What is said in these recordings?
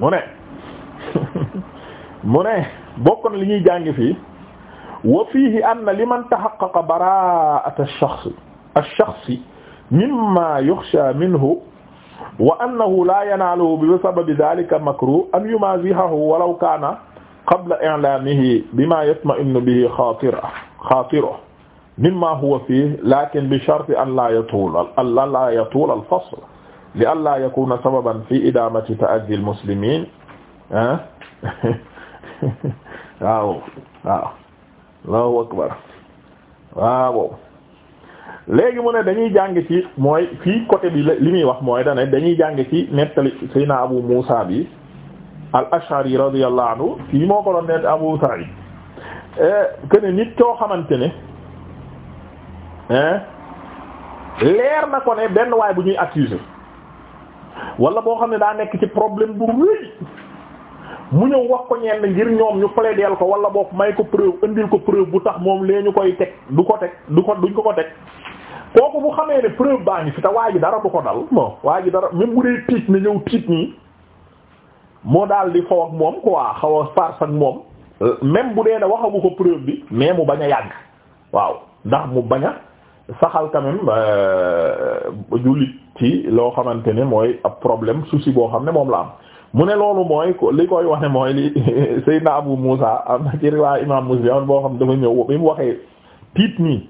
mu ne mu ne bokk na li ñuy jàngi fii wa fiihi anna liman tahaqqaqa bara'at ash-shakhs ash-shakhs mimma yukhsha minhu wa annahu la yanaluhu bi sababi dhalika makruh an yumazihahu walaw kana qabla i'lamihi bima yatma'innu bihi khatiruhu khatiruhu mimma huwa fihi lakin bi sharti an la yatula an la yatula al-fasl li allaa yakuna sababan fi idamati ta'addi al muslimin ah waaw waaw allahu akbar waaw léegi mu ne dañuy jàng ci mooy fii côté bi li muy wax mooy dane dañuy jàng ci nettali sayna abu musa bi al ashari radiyallahu anhu fii moo ko doon nett abu sa'id eh, kene nit koo xamante ne leer na ko ne benn waay bu ñuy accuser wala boo xam ne daa nekk ci problème bu rëy mu ñëw wax ko ñenn ngir ñoom ñu plaideel ko wala boog may ko preuve indil ko preuve bu tax moom lee ñu koy teg du ko teg du ko duñ ko ko teg kooku bu xamee ne preuve baa ngi fi te waa ji dara du ko dal bon waa ji dara même bu dee tiit na ñëw tiit nii moo daal di xaw ak moom quoi xaw a farce ak moom euh, même bu dee ne waxagu ko preuve bi mais mu bañ a yàgg waaw ndax mu bañ a saxal quand même euh, jullit ci loo xamante ne mooy ab problème souci boo xam ne moom la am mu ne loolu mooy li koy wax ne mooy li Seydina Abu Musa am na ci riwaay imam Muslim boo xam ne dafa ñëw bi mu waxee tiit nii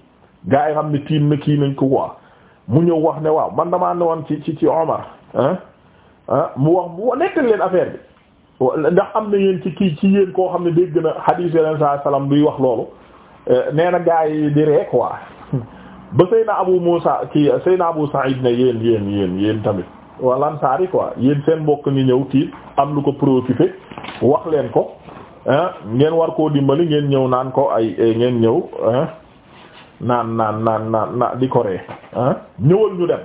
gaa yi xam ne tiit na kii nañ ko quoi mu ñëw wax ne waaw man damaa ne woon ci ci ci Omar mu wax mu nekkal leen affaire bi ndax am na yéen ci kii ci yéen koo xam ne dégg na hadith yeneen saa salaam buy wax loolu eh, nee na gaa yi di ree quoi ba Seyna Abu Musa ki Seyna Abu Sa'id ne yéen yéen yéen yéen tamit wala saari ko yéen seen mbokk ni ñëw tiit am lu ko préoccupé wax leen ko ngeen war koo dimbali ngeen ñëw naan ko ay eh, ngeen ñëw naan naan naan naan naan di ko ñëwal ñu dem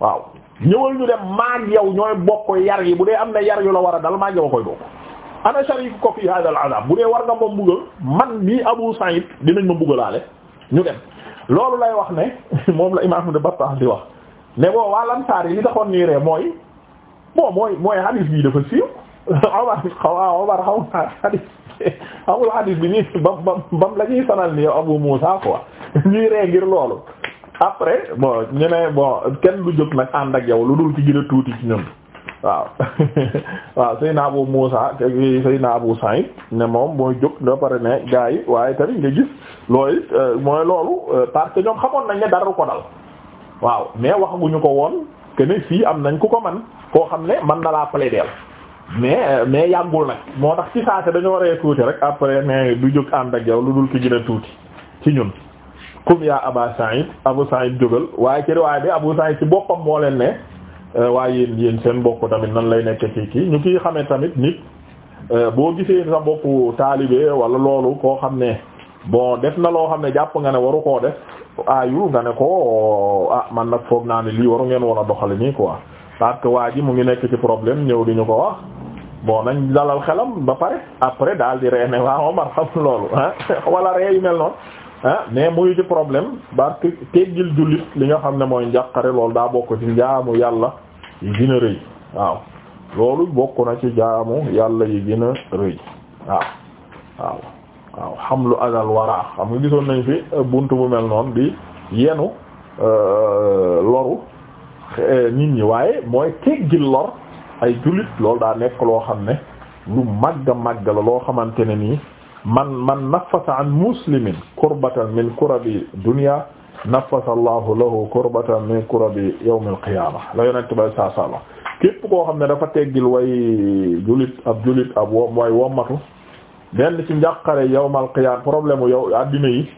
waaw ñëwal ñu dem maag yow ñooy bokk yar yi bu dee am na yar yu la war a dal maag yow a koy bokk ana sharik ko fi hadal adab bu dee war nga ma mbugal man mii Abu Sa'id dinañ ma laale ñu dem loolu lay wax ne moom la ne de Battah di wax ne boo waa Ansaar yi li taxoon nii rek mooy bon mooy mooy hadith bi dafa siiw Omar xaw ah Omar xaw naa hadith xamul hadith bi nii bam bam bam la ñuy sanal nii Abu Muusa ko ñuy ree ngir loolu après bon ñu ne bon kenn du jóg nag ànd ak yow lu dul ci gir a tuuti ci ñun. waaw waaw Seydina Abu Muusa Seydina Abu Saïd ne moom mooy jóg da pare ne gaa yi waaye tamit nga gis loolu it euh, mooy loolu euh, parce que ñoom xamoon nañ ne dara ko dal waaw mais waxaguñu ko woon que ne fii am nañ ku ko man koo xam ne man na laa plaideel mais euh, mais yàggul nag moo tax ci saase dañoo waree tuuti rek après ne du jóg ànd ak yow lu dul ki gën a tuuti ci ñun kum yaa Aba Saïd Abu Saïd jógal waaye ci riwaay bi Abu Saïd ci boppam moo leen ne Euh, waaye yéen yéen seen bopp tamit nan lay nekk ci kii ñu kii xamee tamit nit euh, boo gisee sa bopp taalibe wala loolu koo xam ne boo def na loo xam ne jàpp nga ne waru koo def ayu nga ne ko ah man nag foog naa ne lii waru ngeen woon a doxale nii quoi parce que waa ji mu ngi nekk ci problème ñëw di ñu ko wax bo nañ dalal xelam ba pare après daal di ree ne waaw Omar xam loolu ah wala ree yu mel noonu ah mais muy ci problème parce teggil jullit li nga xam ne mooy njàqare loolu daa bokk ci yàlla yi gën a rëy waaw loolu bokk na ci jaamu yàlla yi gën a rëy waaw waaw waaw xam lu azal waraa xam nga gisoon nañ fi euh, bunt bu mel noon di yenu euh, loru euh, nit ñi waaye mooy teggil lor ay jullit loolu daa nekk loo xam ne lu màgg màgg la loo xamante ne nii man man nafasa an muslimin kurbatan min kurabi dunya nafasa allahu lahu kurbatan min kurabi yawmil qiyaama la yonent bay saa képp koo xam ne dafa teggil way julit ab julit ab wom way wommatu benn ci njàqare yawmal qiyaama problème u yow addina yi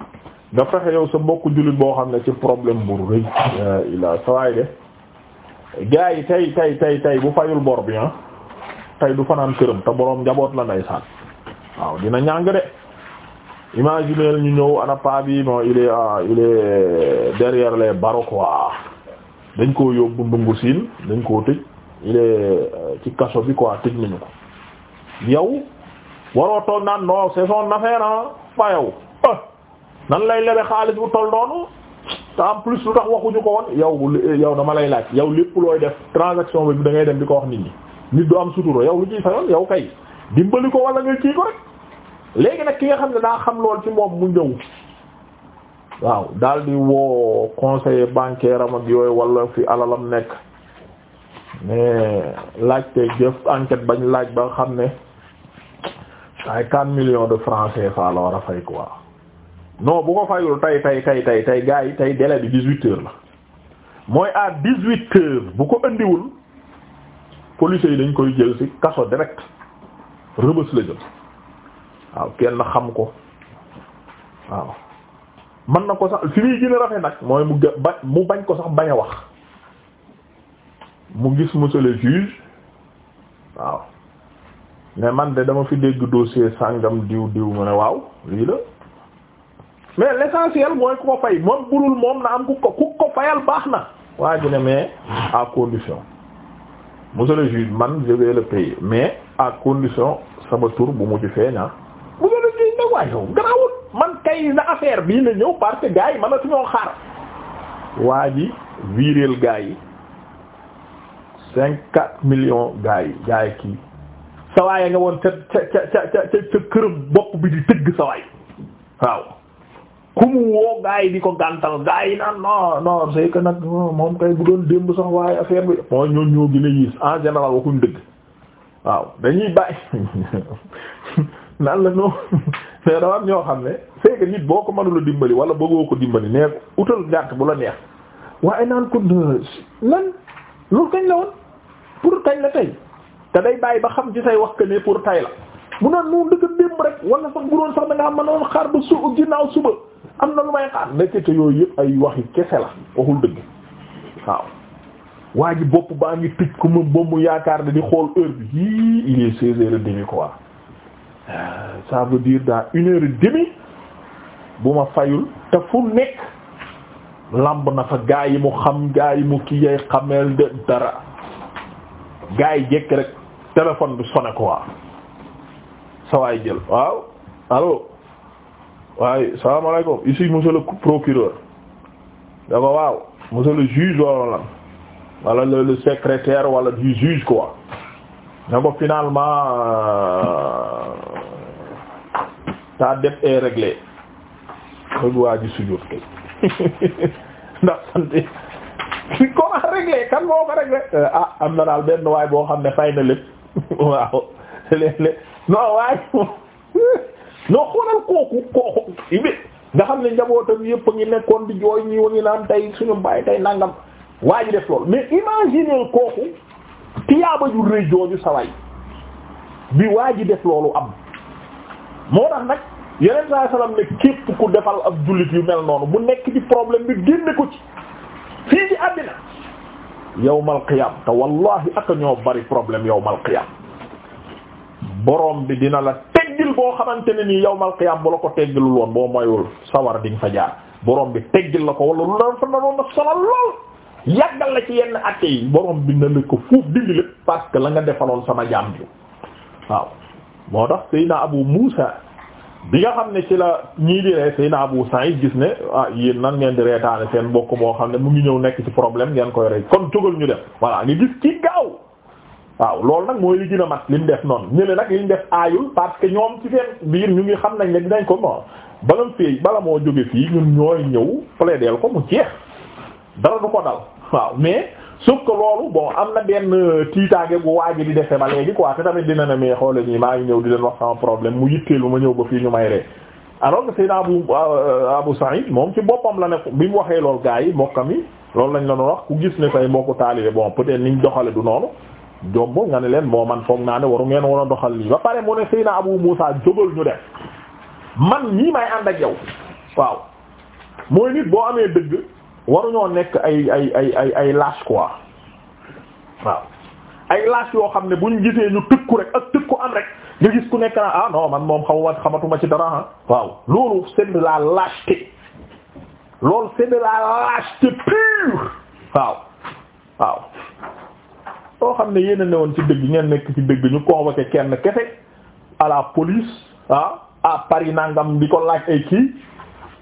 nga fexe yow sa mbokku julit boo xam ne ci problème bu rëy la ilaa de gars yi tey tey tey tey bu fayul bor bi ah tey du fanaan këram te boroom njaboot la ndeysaan waaw dina ñàng de imaginez ñu ñëw ana bi bon il est ah, il est derrière les barreaux quoi dañ koo yóbbu ndungu siin dañ koo tëj il euh, ci kaso bi quoi tëj nañu ko yow waroo toog naan non c'est son affaire ah pas yow nan lay lebe xaalis bu toll noonu te en plus lu tax waxuñu ko woon yow yow dama lay laaj yow lépp looy def transaction bi da ngay dem di ko wax nit ñi nit du am sutura yow lu ciy fayoon yow kay dimbali ko wala nga kii ko rek. léegi nag ki nga xam ne daa xam lool ci moom mu ñëw waaw daal di woo conseiller bancaire am ak yooyu wala fi alalam nekk mais laajte jëf enquête bañ laaj ba xam ne ay quatre million de francs CFA la war a fay quoi non bu ko fayul tey tey tey tey tey gars yi tey délai bi dix-huit heures la mooy à dix-huit heures bu ko indiwul policiers yi dañ koy jël ci kaso direct rëbës la jël waaw kenn xam ko waaw mën na ko sax fi muy gën a nag mooy mu ba mu bañ ko sax bañ a wax mu gis monsieur le juge waaw mais man de dama fi dégg dossier sàngam diw diw mu ne waaw lii la mais l'essentiel mooy ko fay moom burul moom na am ku ko ku ko fayal baax na waa ji ne mais à condition monsieur le man je vais le payer mais à condition sama tur bu mu ci feeña ah. bu ma la man kay na affaire bii la ñëw parce que gars yi mënatu ñoo xaar waa ji viréel gars yi cinq quatre millions gars yi gars yi kii sawaay nga woon ca ca ca ca ca këram bopp bi di tëgg sawaay waaw ku mu woo gars yi di ko gàntal gars yi naan non non c'est que nag moom kay bu doon démb sax waaye affaire bi moo ñoon ñoo gën a yiis en général waxuñ dëgg waaw dañuy bàyyi naan la non mais dafa am ñoo xam ne c'est nit boo ko mënula dimbali wala bëggoo ko dimbali nee utal gàtt bu la neex waaye naan ko nan loolu kañ la woon pour tay la tey te day bàyyi ba xam ci say wax que pour tay la mu naan noonu dëgg démb rek wala sax bu doon sax da ngaa mënoon xaar ba su ginnaaw suba am na lu may xaar nekkete yooyu yëpp ay waxi kese la waxul dëgg waaw waa ji bopp baa ngi tëj ko moom ba mu yaakaar ne di xool heure bi yii Euh, ça veut dire dans une heure et bu ma fayul te fu nekk lamb na fa gaa yi mu xam gaa yi mu kii yay xameel de dara gaa yi jekk rek téléphone bi sonné quoi sa waay jël waaw allo waaye salaamaaleykum ici monsieur le procureur da ko waaw monsieur le juge wala lan wala le secrétaire wala du juge quoi ne ko finalement ta euh, dette est réglée xëgwaa ji sujjóot kay ndax santi comment réglé kan moo ko réglé euh, ah am na daal benn waay boo xam ne fay na lépp waaw léeg-léeg xoolal kooku kooku nga xam ne njabootam yëpp a ngi nekkoon di jooy ñi wa ngi naan tey suñu bàyyi tey nangam waa ji def loolu mais imaginer kooku tiyaaba ju rëy jooju saway bi waa ji def loolu am moo tax nag yeneen saa salaam ne képp ku defal ab jullit yu mel noonu bu nekk ci problème bi génne ko ci fii ci àddina yawmal qiyam te wallahi ak ñoo bari problème yawmal qiyam borom bi dina la teggil boo xamante ne nii yawmal qiyam bu la ko teggilul woon boo moywul sawar di nga fa jaar borom bi teggil la ko wala lu la fa naroon a sonal lool yàggal la ci yenn atte yi borom bi na la ko fuuf dindi lépp parce que la nga defaloon sama jaam waaw moo tax Seydina Abu Muusa bi nga xam ne ci la ñii di ree Seydina Abu Saïd gis ne ah yéen nan ngeen di reetaane seen mbokk moo xam ne mu ngi ñëw nekk ci problème ngeen koy rey kon jógal ñu def voilà nga gis ci gaaw waaw loolu nag mooy li gën a li mu def noonu ñële nag li ñu def aayul parce que ñoom ci seen biir ñu ngi xam nañ ne dinañ ko mo balam fii bala moo jóge fii ñun ñooy ñëw plaideel ko mu jeex dara du ko dal waaw mais sauf que loolu bon am na benn euh, tiitaange gu waaj di defe ba léegi quoi te tamit dina ne mais xoolal ñii maa ngi ñëw di leen wax sama problème mu lu ma ñëw ba fii ñu may ree alors que Seydina Abu euh, euh, Abu Sa'id moom ci boppam la ne bi mu waxee loolu gaa yi mbokkam yi loolu lañ la doon wax ku gis ne say mbokku taalibe bon peut-être niñ doxale du noonu jomb nga ne leen moo man foog naa ne waru ngeen war a doxal lii ba pare mu ne Seydina Abu Musa jógal ñu def man ñii may ànd ak yow waruñoo nekk ay ay ay ay quoi waaw ay lâche yoo xam ne buñ gisee ñu tëkku rek ak tëkku am rek nga gis ku nekk naa ah non man moom xaw xamatuma ci dara ah waaw loolu sedd de la lâcheté loolu c'est de la lâcheté pure waaw waaw loo xam ne yéen a newoon ci dëgg ngeen nekk ci dëgg ñu convoqué kenn kese à la police ah à Paris nangam di ko laaj ay kii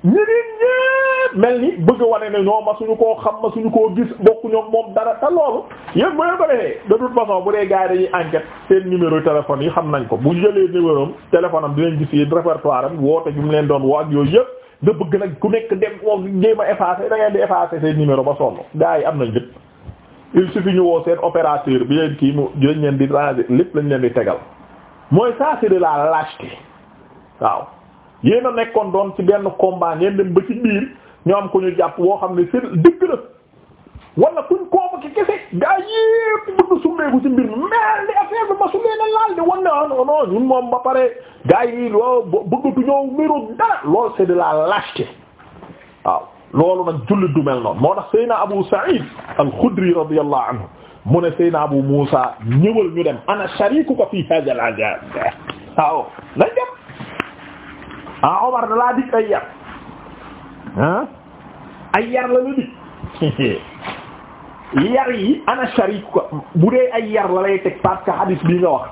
ñu nit ñépp mel ni bëgg wane ne ñoo ma suñu koo xam ma suñu koo gis bokku ñoom moom dara te loolu yéen bu leen ko defee de toute façon bu dee gars dañuy enquête seen numéro téléphone yi xam nañ ko bu jëlee numéro am téléphone am dinañ gis yéen répertoire am woote bi mu leen doon woo ak yooyu yëpp nga bëgg nag ku nekk dem woo jéem a seen numéro ba sonn gars am nañ lépp il suffit ñu woo seen opérateur bi leen kii mu jëñ leen di ranger lépp lañ leen di tegal mooy ça la lâcheté yéen nekkoon doon ci benn combat ngeen dem ba ci biir am ko ñu jàpp woo xam ne seen dëgg la wala kuñ koomu ki kese gaa yépp bëgg summeeku ci mbir mi mel ni affaire bi ma summee na laal di wan ne ah non non ñun moom ba pare gaa yi loo bëggatu ñëw mbiru dara loolu c'est de la lâcheté waaw nag jullit du mel moo tax Seyna Abu Sa'id al-Khudri radiyallahu anhu mu Seyna Abu Musa ñëwal ñu dem ana shariku ko fi hadha al-azab waaw ah Omar da laa ay yar ay yar la la dig yar yi ana ko bu dee ay yar la lay teg parce que hadis bii nga wax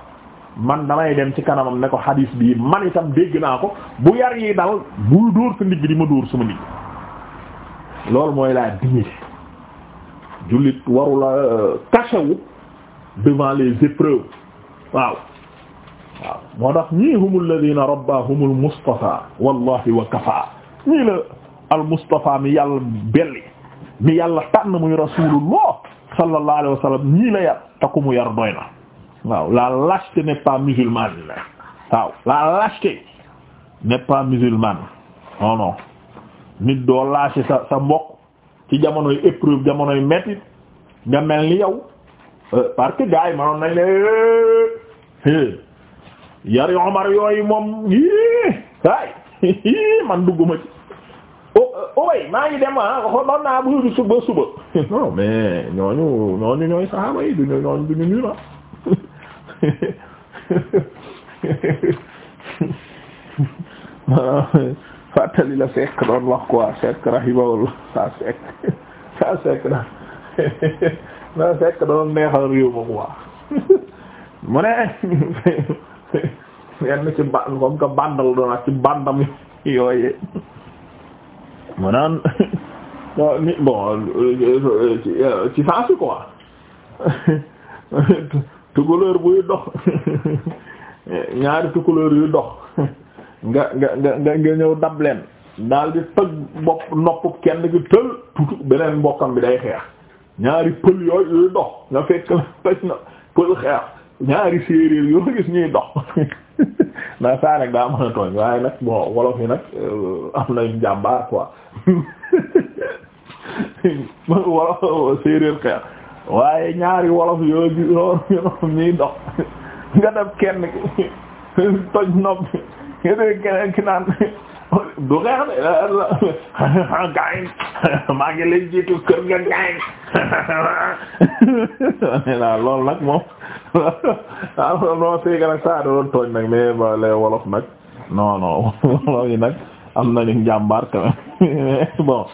man damay dem ci kanamam ne ko hadis bii man itam dégg naa ko bu yar yi dal buy dóor sa ndigg di ma dóor sama ndigg loolu mooy laa dignité jullit warula euh, cacher devant les épreuves waaw waaw moo tax ñii hum alladina rabbahum wa kafa ñii la almustafa mi yàlla belli mi yàlla tànn muy rasulullah sallallahu alayhi wa sallam ñii la yar te ku mu yar doy waaw la lâcheté n'est pas musulmane waaw doo lâché sa sa mbokk ci jamonoy épreuve jamonoy métti nga mel ni yow euh, parce que gars yi manoon nañ yari Omar yooyu moom yii ay man dugguma ci owey maa ngi dem ah noon naa bu suba suba non mais ñooñu ñooñu ñooy saxaaba yi ñooñu duñu ñu na maanaam fàttali la fekk doon wax quoi fekk rahimahullah sa fekk sa fekk na na fekk doon neexal réew ma mu ne yenn ci ba comme que bandal doon ak ci bandam yooyee mu naan ni bon ci saa si quoi tukulóor buy dox ñaari tukulóor yu dox nga nga nga nga ñëw dab leen daal di tëg kenn ki tël beneen mbokkam bi day xeex ñaari pël yooyu yuy dox nga fekk la pël xeex ñaari séeréer yoo gis ñuy dox na saa nag tooñ waaye nag bon wolof yi nag euh, am nañ jàmbaar quoi wolof waaye ñaari wolof yoo gis yoo ñuy dox nga def kenn ki toj nopp nga def du xeex de gaañ maa ngi lay jiitu kër nga gaañ naa lool nag moom ah non c'est que nag saa doon tooñ nag mais ba les wolof nag non non wolof yi nag am nañu njàmbaar quand même bon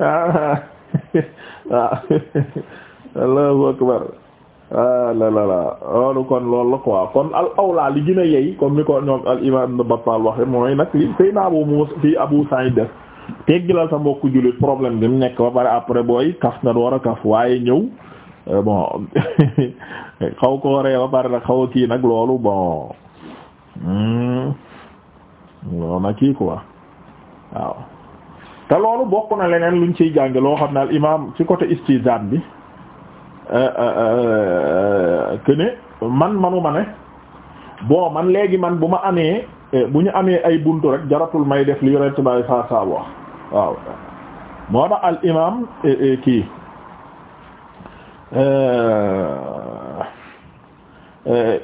ah ah Allahu akbar Ah, la la la loolu kon loolu la quoi kon al awla li gën a yey comme ni ko ñoom al imam Ibn Battal mooy nag li sëy na Abu fii Abu Sa'id def teggilal sa mbokku jullit problème bi mu nekk ba pare après booy kaf nga war a kaf waaye ñëw eh, bon xaw ko ree ba pare nag xaw a kii nag loolu bon hmm, loolu na kii quoi waaw te loolu bokk na leneen luñ ciy jànge loo xam ne al imam ci côté istizan bi Euh, euh, euh, que ne man manuma ne bon man léegi man bu ma amee eh, bu ñu ay buntu rek jaratul may def li yonent bay saa moo tax al imam eh, eh, kii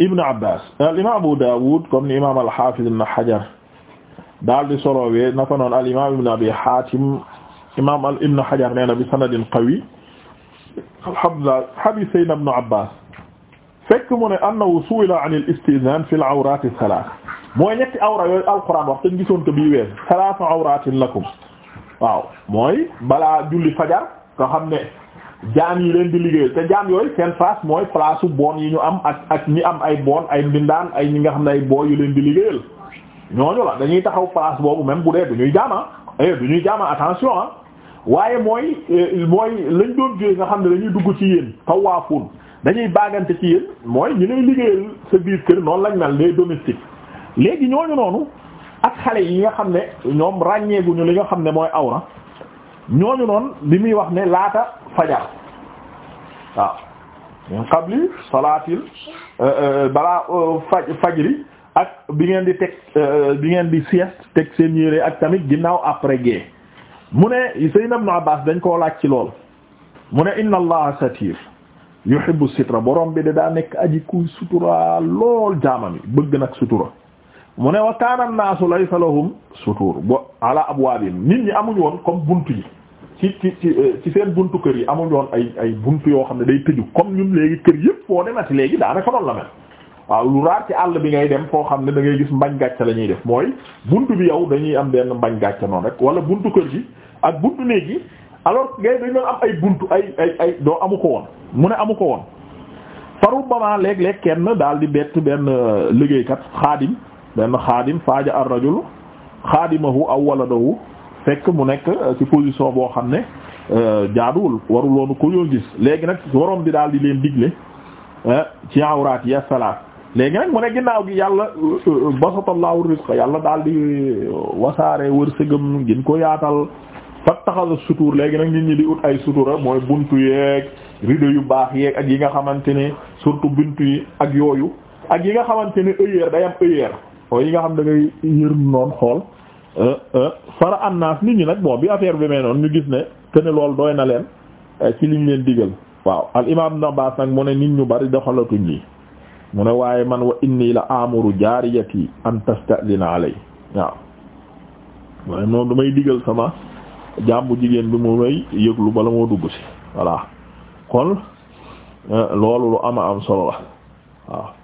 ibnu abbas al imam abu dawud comme ni imam al hafiz ibn hajar daal di solowee naka noonu al imam ibnu abi hatim imam al ibnu hajar nee na bi sanadin qawi alhamdulillah hadis sayyidina ibn abbas fekk mu ne annahu su'ila an al istizan fi al awrat al thalath mooy ñetti awra yooyu alquran wax dañ gisoon ko bii wees thalathu awratin lakum waaw mooy balaa julli fajar nga xam ne jaam yi leen di liggéeyal te jaam yooyu seen face mooy place bon yi ñu am ak ak ñi am ay bon ay mbindaan ay ñi nga xam ne ay boo yu leen di liggéeyal ñooñu la dañuy taxaw place boobu même bu dee du ñuy jaama ah. eh ñuy jaama attention ah. waaye mooy euh, mooy lañ doon jëlee nga xam ne dañuy dugg ci yéen tawaafuun dañuy baagante ci yéen mooy ñu lay liggéeyal sa biir kër noonu lañ mel les domestiques léegi ñooñu noonu ak xale yi nga xam ne ñoom ràññeeguñu li nga xam ne mooy aw awra ñooñu noonu li muy wax ne laata fajar waaw min qabli salaatil euh, euh, balaa faj fajri ak bi ngeen di teg bi ngeen di sieste teg seen yére ak tamit ginnaaw après gée mu ne Sayyidina Ibn Abbas dañ koo laaj ci lool mu ne inna allaha satir yuhibbu sitra borom bi da daa nekk aji kuy sutura lool jaamam yi bëgg nag sutura mu ne wa kaana an-naasu laysa lahum sutur bo ala abwaabin nit ñi amuñ woon comme buntu yi ci ci ci ci seen buntu kër yi amuñ woon ay ay buntu yoo xam ne day tëju comme ñun léegi kër yëpp foo demati léegi daanaka noonu la mel waaw lu raar ci àll bi ngay dem foo xam ne da ngay gis mbañ gàcce la ñuy def mooy buntu bi yow dañuy am benn mbañ gàcce noonu rek wala buntu kër gi ak buntu léegi gi alors ngay dañ doon am ay buntu ay ay doo amu ko woon mu ne amu ko woon faru bamaa léeg kenn daal di bett benn euh, liggéeykat xaadim benn xaadim faaja ar rajul xaadimahu aw waladahu fekk mu nekk euh, ci position boo xam ne euh, jaaduwul waruloonu ku yoo gis léegi nag waroon di daal di leen digle ci awraat ya léegi nag mu ne ginnaaw gi yàlla basatallahu rizqa yàlla daal di wasaare wërsëgam gin ko yaatal fattaxaza sutur léegi nag nit ñi di ut ay sutura mooy buntu yeeg rideau yu baax yeeg ak yi nga xamante ne surtout buntu yi ak yooyu ak yi nga xamante ne œillère day am œillère oo yi nga xam da ngay yër noonu xool euh, euh, fara annaas nit ñi nag bon bi affaire bi mee noonu ñu gis ne que ne loolu doy na leen euh, ci liñ leen digal waaw al imam nabas nag mu ne nit ñu bari doxalatuñ lii mu waaye man wa inni la amuru jaariyati an tasta'dina alay waaw waaye moom damay digal sama jàmbu jigéen bi mu may yëglu bala moo dugg si voilà kon euh, loolu lu ama am solo la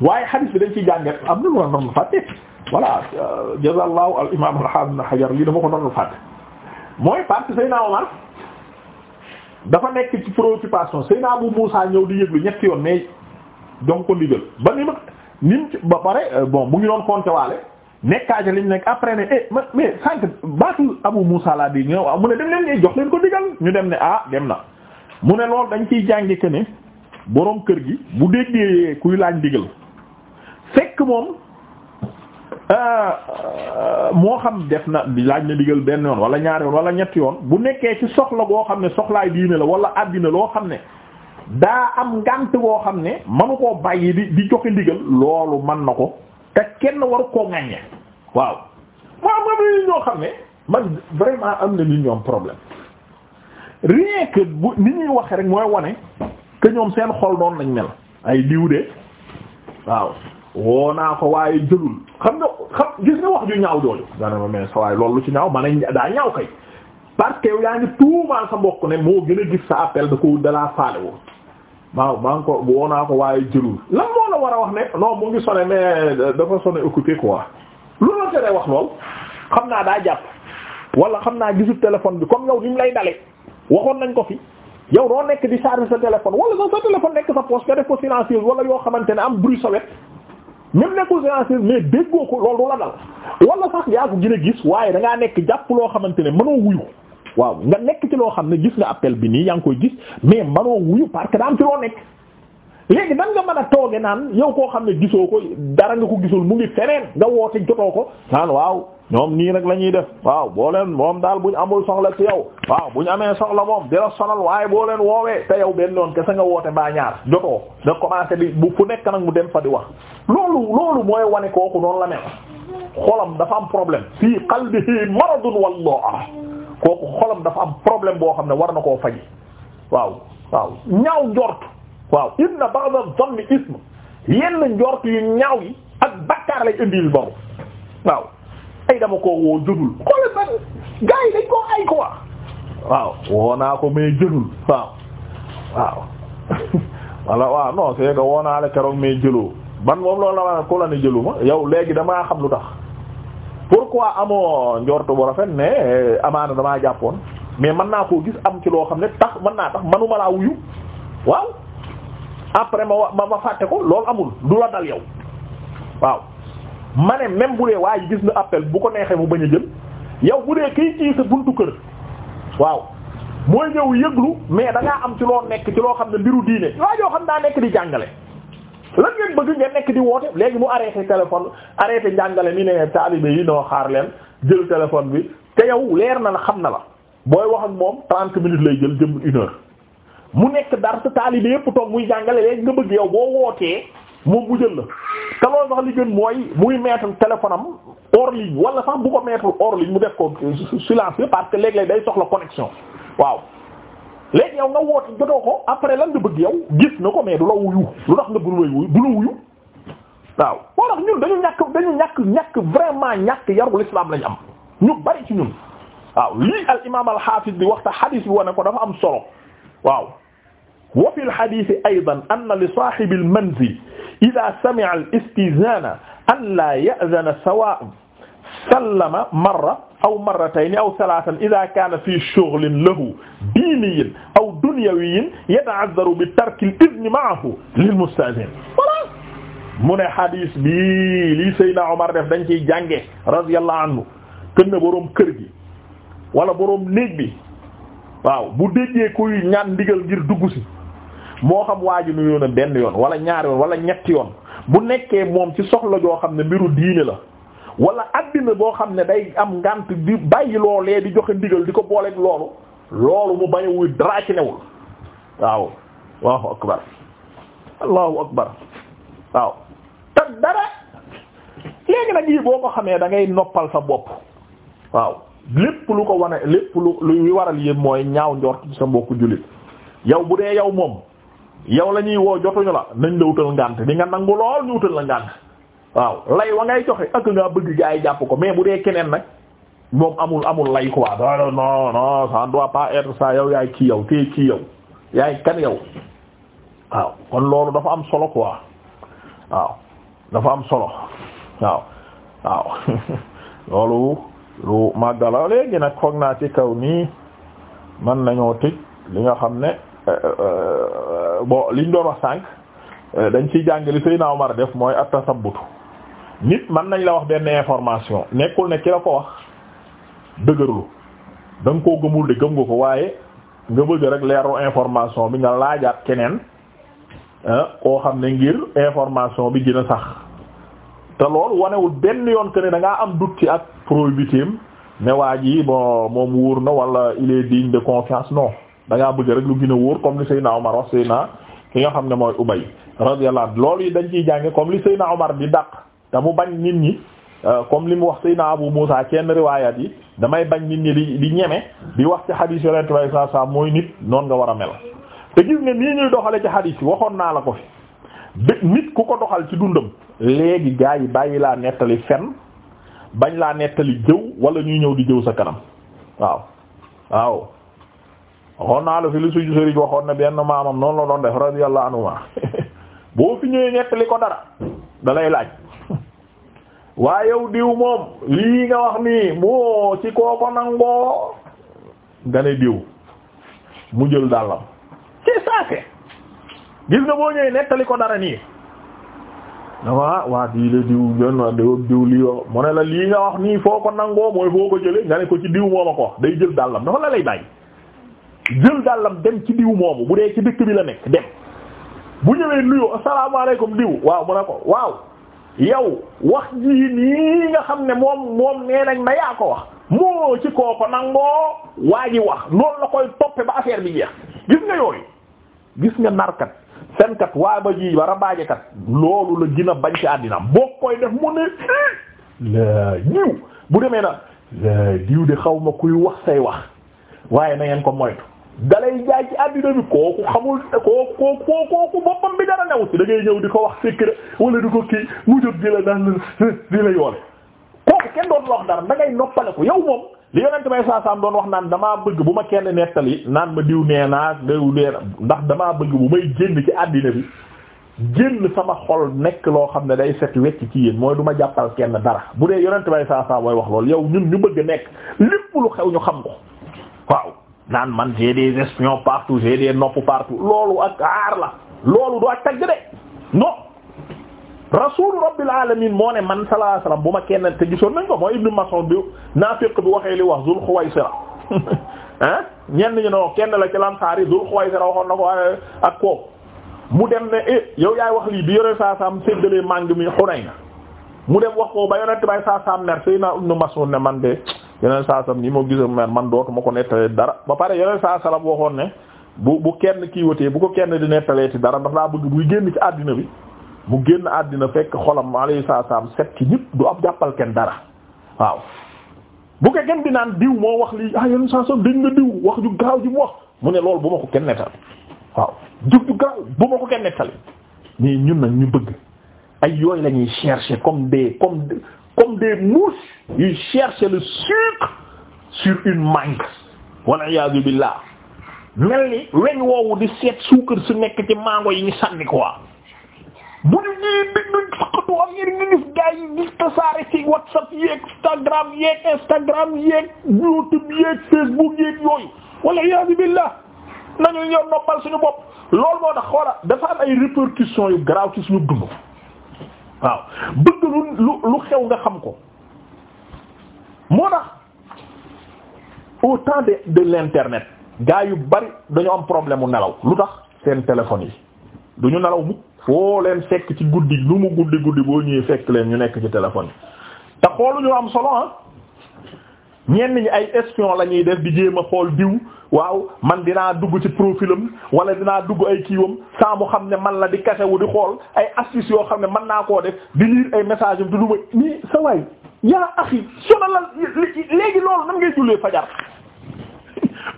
waaye xadiis bi dañ ci jànget am na lu ma doon fàtte voilà euh, jazallahu al imam al hafiz hajar lii dama ko doon fàtte mooy partie Seydina Omar dafa nekk ci préoccupation Seydina Abu Moussa ñëw di yëglu ñetti yoon mais donc ko ndigal ba ni ma ni ba pare euh, bon mu ngi doon compter waale nekkaa ca liñ nekk après ne eh ma mais sànq baatu Abu Moussa laa di ñëw a mu ne dem leen ngay jox leen ko ndigal ñu dem ne ah dem na mu ne loolu dañ ciy jàngi que ne boroom kër gi bu déggee kuy laaj ndigal fekk moom. Euh, euh, moo xam def na laaj na digal benn yoon wala ñaari yoon wala ñetti yoon bu nekkee ci soxla goo xam ne soxlaay diine la wala àddina loo xam ne daa am ngànt goo xam ne manu koo bàyyi di di joxe ndigal loolu man na ko kenn waru koo ŋàññe waaw moo am na ñoo xam ne man vraiment am na li ñoom problème rien que bu ni ñuy waxe rek mooy wane que ñoom seen xol doon lañ mel ay diw de waaw woo naa ko waaye jëlul xam nga xam gis nga wax ju ñaaw jooju nga ne ma mais sa waay loolu ci ñaaw ma ne daa ñaaw kay parce que yow yaa ngi tuumaal sa mbokk ne moo gën a gis sa appel da ko dalaa faale woo waaw maa ko woo naa ko waaye jëlul lan moo la war a wax ne non mu ngi sonné mais dafa sonné occupé quoi lu la teree wax lool xam naa daa jàpp wala xam naa gisul téléphone bi comme yow ni mu lay dale waxoon nañ ko fi yow doo nekk di charger sa téléphone wala nekk sa poche wala yoo xamante ne am bruit sa même nekkul séance mais déggoo ko loolu la dal wala sax yaa ko gën a gis waaye dangaa nekk jàpp loo xamante ne mënoo wuyu waaw nga nekk ci loo xam ne gis nga appel bi nii yaa ngi koy gis mais mënoo wuyu parce que daa am ci loo nekk. léegi nag nga mën a tooge naan yow koo xam ne gisoo ko dara nga ko gisul mu ngi feneen nga woote jotoo ko naan waaw. ñoom nii rek la ñuy def waaw boo leen moom daal bu ñu amul soxla ci yow waaw bu ñu amee soxla moom di la sonal waaye boo leen woowee te yow benn yoon kese nga woote baa ñaar jotoo da commencé bi bu fu nekk nag mu dem fa di wax loolu loolu mooy wane kooku noonu la mel xolam dafa am problème fii xal qalbihi maradun am kooku xolam dafa am problème boo xam ne war na koo faji waaw waaw ñaaw njort waaw inna ba'da dhanni ism yenn njort yu ñaaw yi ak bakkaar lay indil borom ay dama koo woo jotul xoolal ba gars yi dañ koo ay ko wax waaw woo naa ko mais jëlul waaw waaw wala waaw non c'est que woo naa la keroog mais jëloo ban moom loolu la ma ko la ne jëlu yow léegi damaa xam lu tax pourquoi amoo njortu bu rafet ne eh, amaana damaa jàppoon mais mën naa koo gis am ci loo xam ne tax mën naa tax manuma laa wuyu waaw après ma ma fàtte ko loolu amul du la dal yow waaw ma ne même bu dee waaye gis na appel bu ko neexee mu bañ a jël yow bu dee kii ci sa buntu kër waaw mooy ñëw yëglu mais da ngaa am ci loo nekk ci loo xam ne mbiru diine waa joo xam daa nekk di jàngale lan ngeen bëgg ngeen nekk di woote léegi mu arrêté téléphone arrêté njàngale mi ne taalibe yi noo xaar leen jël téléphone bi te yow leer na la xam na la booy wax ak moom 30 minutes lay jël jëm une mu nekk dar sa taalibe yëpp toog muy jàngale léegi nga yow boo wootee moom mu jël la te loolu sax li gën mooy muy mettre téléphone am hors ligne wala sax bu ko mettre hors ligne mu def ko silencieux parce que léeg-léeg day soxla connexion waaw léegi yow nga woot jotoo ko après lan nga bëgg yow gis na ko mais du la wuyu lu tax nga bul wuyu du la wuyu waaw moo tax ñun dañu ñàkk dañu ñàkk ñàkk vraiment ñàkk yarul islam lañu am ñu bari ci ñun waaw lii al imaam al xaafis bi waxta xadiis bi wane ko dafa am solo waaw wa fi lxaditi aydan anna li saahibi almanzili ida sami'a al-istizaana an laa ya'dana sawaa'un sallama marra aw marratayni aw salaasan ida kaana fii shughulin lahu diiniyyin aw dunyawiyyin yata'azzaru bi tarki al-izni ma'ahu lil-musta'zin voilà mu ne hadis bi lii Seydina Omar def dañ ciy jànge radiyallahu anhu kenn boroom kër gi wala boroom néeg bi waaw bu déggee kuy ñaan ndigal ngir dugg si moo xam waa ji nuyoon benn yoon wala ñaar yoon wala ñetti yoon bu nekkee moom ci soxla joo xam ne mbiru diine la wala addina boo xam ne day am ngant di bàyyi loolee di joxe ndigal di ko booleeg loolu loolu mu bañ a wuy dara ci newul waaw allahu akbar allahu akbar waaw te dara léegi nag yii boo ko xamee dangay noppal sa bopp waaw lépp lu ko wane lépp lu luy waral yéen mooy ñaaw njort sa mbokku jullit yow bu dee yow moom yow la ñuy woo jotuñu la nañ la wutal ngànt di nga nangu lool ñu wutal la ngànt waaw lay wa ngay joxe ak ngaa bëgg gaa yi jàpp ko mais bu dee keneen nag moom amul amul lay quoi non non ça doit pas être ça yow yaay ci yaw tey kii yow yaay kan yow waaw kon loolu dafa am solo quoi waaw dafa am solo waaw waaw loolu lu màggala léegi nag foog naa ci kaw nii mën nañoo tëj li nga xam ne Euh, euh, euh, bo liñ doon wax sànq dañ ciy jàng li Seydina Omar def mooy at-tasabbutu nit mën nañ la wax benn information nekkul ne ki la ko wax dëgërlu da koo gëmul de gëm nga ko waaye nga bëgg rek leeru information bi nga laajaat keneen ah, koo xam ne ngir information bi gën a sax te loolu wanewul benn yoon que ne da ngaa am doute ci ak probabilité ne waa ji bon moom wóor na wala il est digne de confiance non da ngaa bëgg rek lu gën a wóor comme li Seydina Omar wax Seydina ki nga xam ne mooy Ubay radiyallahu anhu loolu yi dañ ciy jànge comme li Seydina Omar di dàq te mu bañ nit ñi euh, comme li mu wax Seydina Abu Musa kenn riwayat yi damay bañ nit ñi di di ñeme di wax ci hadis yo lente saa sa mooy nit noonu nga war a mel te gis nga nii ñuy doxale ci hadis yi waxoon naa la ko fi nit ku ko doxal ci dundam léegi gaa yi bàyyi laa nettali fen bañ laa nettali jëw wala ñuy ñëw di jëw sa kanam waaw waxoon naa la fi li suñu sëriñ waxoon ne benn maamam noonu la doon def radiyallahu anhuma boo fi ñëwee nettali ko dara da laaj waaye yow diw moom lii nga wax nii moo ci kooko nangoo nga ne diw mu jël dàllam ci saake gis nga boo ñëwee nettali ko dara nii dama ah waa dii la diw jon wa diw diw lii wax mu ne la lii nga wax nii foo ko nangoo mooy foo ko jële nga ne ko ci diw mooma ko day jël dàllam dafa la lay bàyyi jël dàllam dem ci diw moomu bu dee ci dëkk bi la nekk dem bu ñëwee nuyoo asalaamaaleykum diw waaw mu ne ko waaw yow wax jii nii nga xam ne moom moom nee nañ ma yaa ko wax moo ci kooko nangoo waa ji wax loolu la koy toppe ba affaire bi jeex gis nga yooyu gis nga narkat fenkat waa ba ji bara baajekat loolu la gën a bañ ci àddinaam boo koy def mu ne laa diw bu demee na laa diw de xaw ma kuy wax say wax waaye na ngeen ko moytu dalay jaay ci àddina bi kooku xamul kooku kooku kooku bi dara new ci da ngay ñëw di ko wax secret wala di ko ki mu jóg di la daan di la yoole kooku kenn doon wax dara da ngay noppale ko yow moom li yonent may saasaam doon wax naan damaa bëgg bu ma kenn nettali naan ma diw nee naa diw nee na ndax damaa bëgg bu may génn ci àddina bi génn sama xol nekk loo xam ne day set wecc ci yéen mooy du ma jàppal kenn dara bu dee yonent may saasaam mooy wax loolu yow ñun ñu bëgg nekk lépp lu xew ñu xam ko waaw naan man j'ai des espions partout j'ai des partout loolu ak aar la loolu du ak tagg de non rasul rabbil alamin moo ne man sallallahu bu ma kenn te gisoon nañ ko moo ibnu Mas'ud bi naafiq bi waxee li wax Zul Khuwaysira ah ñenn ñu ne kenn la ci lamsaar yi Zul Khuwaysira waxoon na ko ak kooku mu dem ne eh yow yaay wax lii bi yore saa saam séddalee màng mi xunay na mu dem wax ko ba yonent bay saa saam mer Seydina ibnu Mas'ud ne man de. yeneen saa salaam ni ma gisam mer man ma ko nettalee dara ba pare yeneen saa waxoon ne bu bu kenn kii watee bu ko kenn di nettalee ci dara ndax daa bëgg buy génn ci àddina bi mu génn àddina fekk xolam alayhi saa salaam set ci ñëpp du ab jàppal kenn dara waaw. bu ko kenn di naan diw moo wax lii ah yeneen saa dañ na diw wax ju gaaw ji mu wax mu ne loolu bu ma ko kenn nettal waaw jug ju gaaw bu ma ko kenn nettali mais ñun nag ñu bëgg ay yooyu la ñuy chercher comme des mouches yuy chercher le sucre sur une mangue walla iyaazu billaah mel ni weñ woowu di seet suukar su nekk ci mango yi ñu sànni quoi bu ñu ñëwee bi ñu saqatu am yéen ñu gis gars yi gis tasaare ci whatsapp yeeg Instagram yeeg Instagram yeeg YouTube Facebook yeeg yooyu walla iyaazu billaah nañu ñëw noppal suñu bopp loolu moo tax xoola dafa am ay répercussions yu garaaw ci suñu dund. waaw bëgg lu lu xew nga xam ko moo tax au temps de de l'internet gaa yu bari dañu am problème mu nelaw lu tax seen téléphone yi du ñu nelaw mukk foo leen fekk ci guddi lu mu guddi guddi boo ñëwee fekk leen ñu nekk ci téléphone yi te xoolu ñu am solo ah ñenn ñi ay espion la ñuy def di jéem a xool diw waaw man dinaa dugg ci profilam wala dinaa dugg ay kiiwam saa mu xam ne man la di kasewu di xool ay astuces yoo xam ne man naa koo def di lire ay message am te du ma nii sa waay yaa axi sonalal léegi loolu nan jullee fajar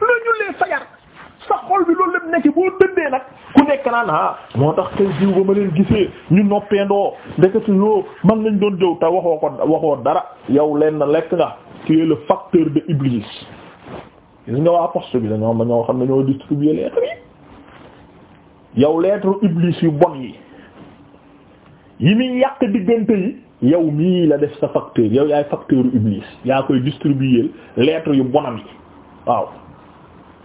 loo jullee fajar sa xol bi loolu lépp nekk boo dëndee nag ku nekk naan ah moo tax tey diw ba ma leen gisee ñu noppeendoo ndekatu yoo man lañ doon jëw te waxoo ko waxoo dara yow leen lekk nga tu es le facteur de Iblis gis nga waa poste bi dañoo ma ñoo xam ne ñoo distribuer lettre yi yow lettre Iblis yu bon yi yi muy yàq diggante yi yow mii la def sa facteur yow yaay facteur Iblis yaa koy distribuer lettre yu bonam yi waaw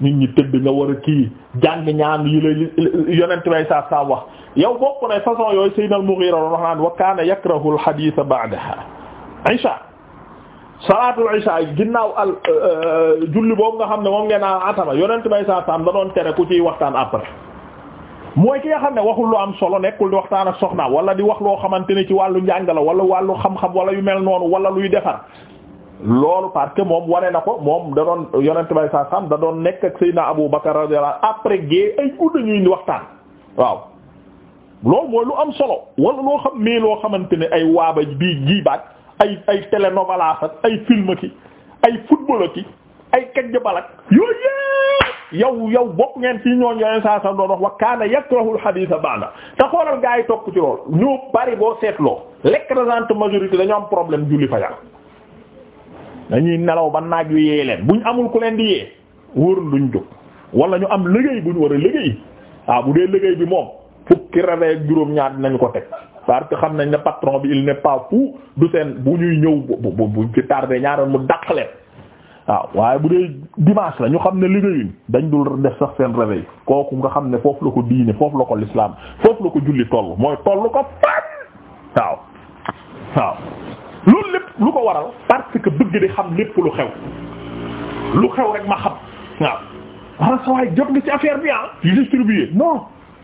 nit ñi tëdd nga war a kii jàng ñaan yi lay yonent bay saa saa wax yow bokk na façon yooyu Sayyid al-Mughira wax naan wa kaana yakrahu al-hadith ba'daha Aisha salaatul isha ginnaaw al euh, euh, julli boobu nga xam ne moom ngeen a atama yonent bay saa saam da doon tere ku ciy waxtaan après mooy ki nga xam ne waxul lu am solo nekkul di waxtaan ak soxna wala di wax loo xamante ne ci wàllu njàngala la wala wàllu xam-xam wala yu mel noonu wala luy defar loolu parce moom wane na ko moom da doon yonent bay saa da doon nekk ak Seydina Abu Bakar radiyallahu après gée ay guddi ñuy waxtaan waaw loolu mooy lu am solo wala loo xam mais xamante ne ay waaba bii gii ay ay télénovelas ak ay film ki ay football ki ay kajj balak yooyu yëpp yow yow bokk ngeen fii ñooñ yoneen saa sa doon wax wa kaana yakrahul haditha ba'da te xoolal gaa yi topp ci lool ñu bari boo seetloo l'écrasante majorité dañu am problème julli fajar dañuy nelaw ba naaj wi yee leen buñ amul ku leen di yee wóorul duñ jóg wala ñu am liggéey buñ war a liggéey bu dee liggéey bi moom fukki rawee ak juróom ñaar dinañ ko teg parce que xam nañ ne patron bi il n'est pas fou du seen bu ñuy ñëw bu bu ci tardé ñaaroon mu dàq leen waaw waaye bu dee dimanche la ñu xam ne liggéeyuñ dañ dul def sax seen réveil kooku nga xam ne foofu la ko diine foofu la ko lislaam foofu la ko julli toll mooy toll ko fan waaw waaw loolu lépp lu ko waral parce que bëgg di xam lépp lu xew lu xew rek ma xam waaw ah sa jot nga ci affaire bi ah distribué non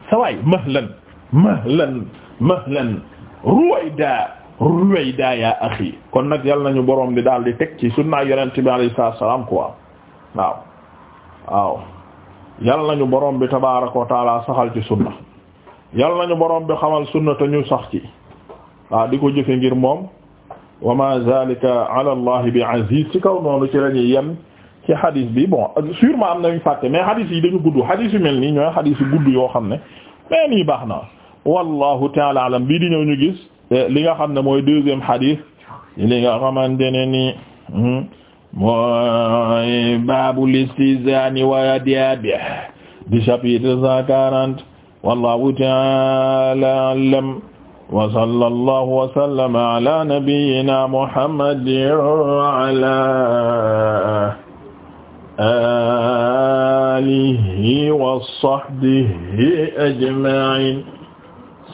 sa waay mahlan mahlan mahlan ruwayda ruwayda ya axi kon nag yal nañu boroom bi daal di teg ci sunna yonent bi alayhi salaam quoi waaw waaw yal nañu borom bi tabaaraka wa taala saxal ci sunna yal nañu borom bi xamal sunna te ñu sax ci waaw di ko jëfe ngir moom wa ma zalika ala allah bi aziz ci kaw noonu ci lañuy yem ci hadis bi bon sûrement am nañu fàtte mais hadis yi dañu gudd hadis yu mel nii ñooy hadis yu gudd yoo xam ne mais nii baax na wallahu taala alam bii di ñëw ñu gis eh, li nga xam ne mooy deuxième hadith li nga xamante ne ni hmm, mooy baabul istizani wa adabi di chapitre cent quarante wallahu taala alam wa sallallahu wa sallama ala nabiyyina muhammadin wa ala alihi wa sahbihi ajma'in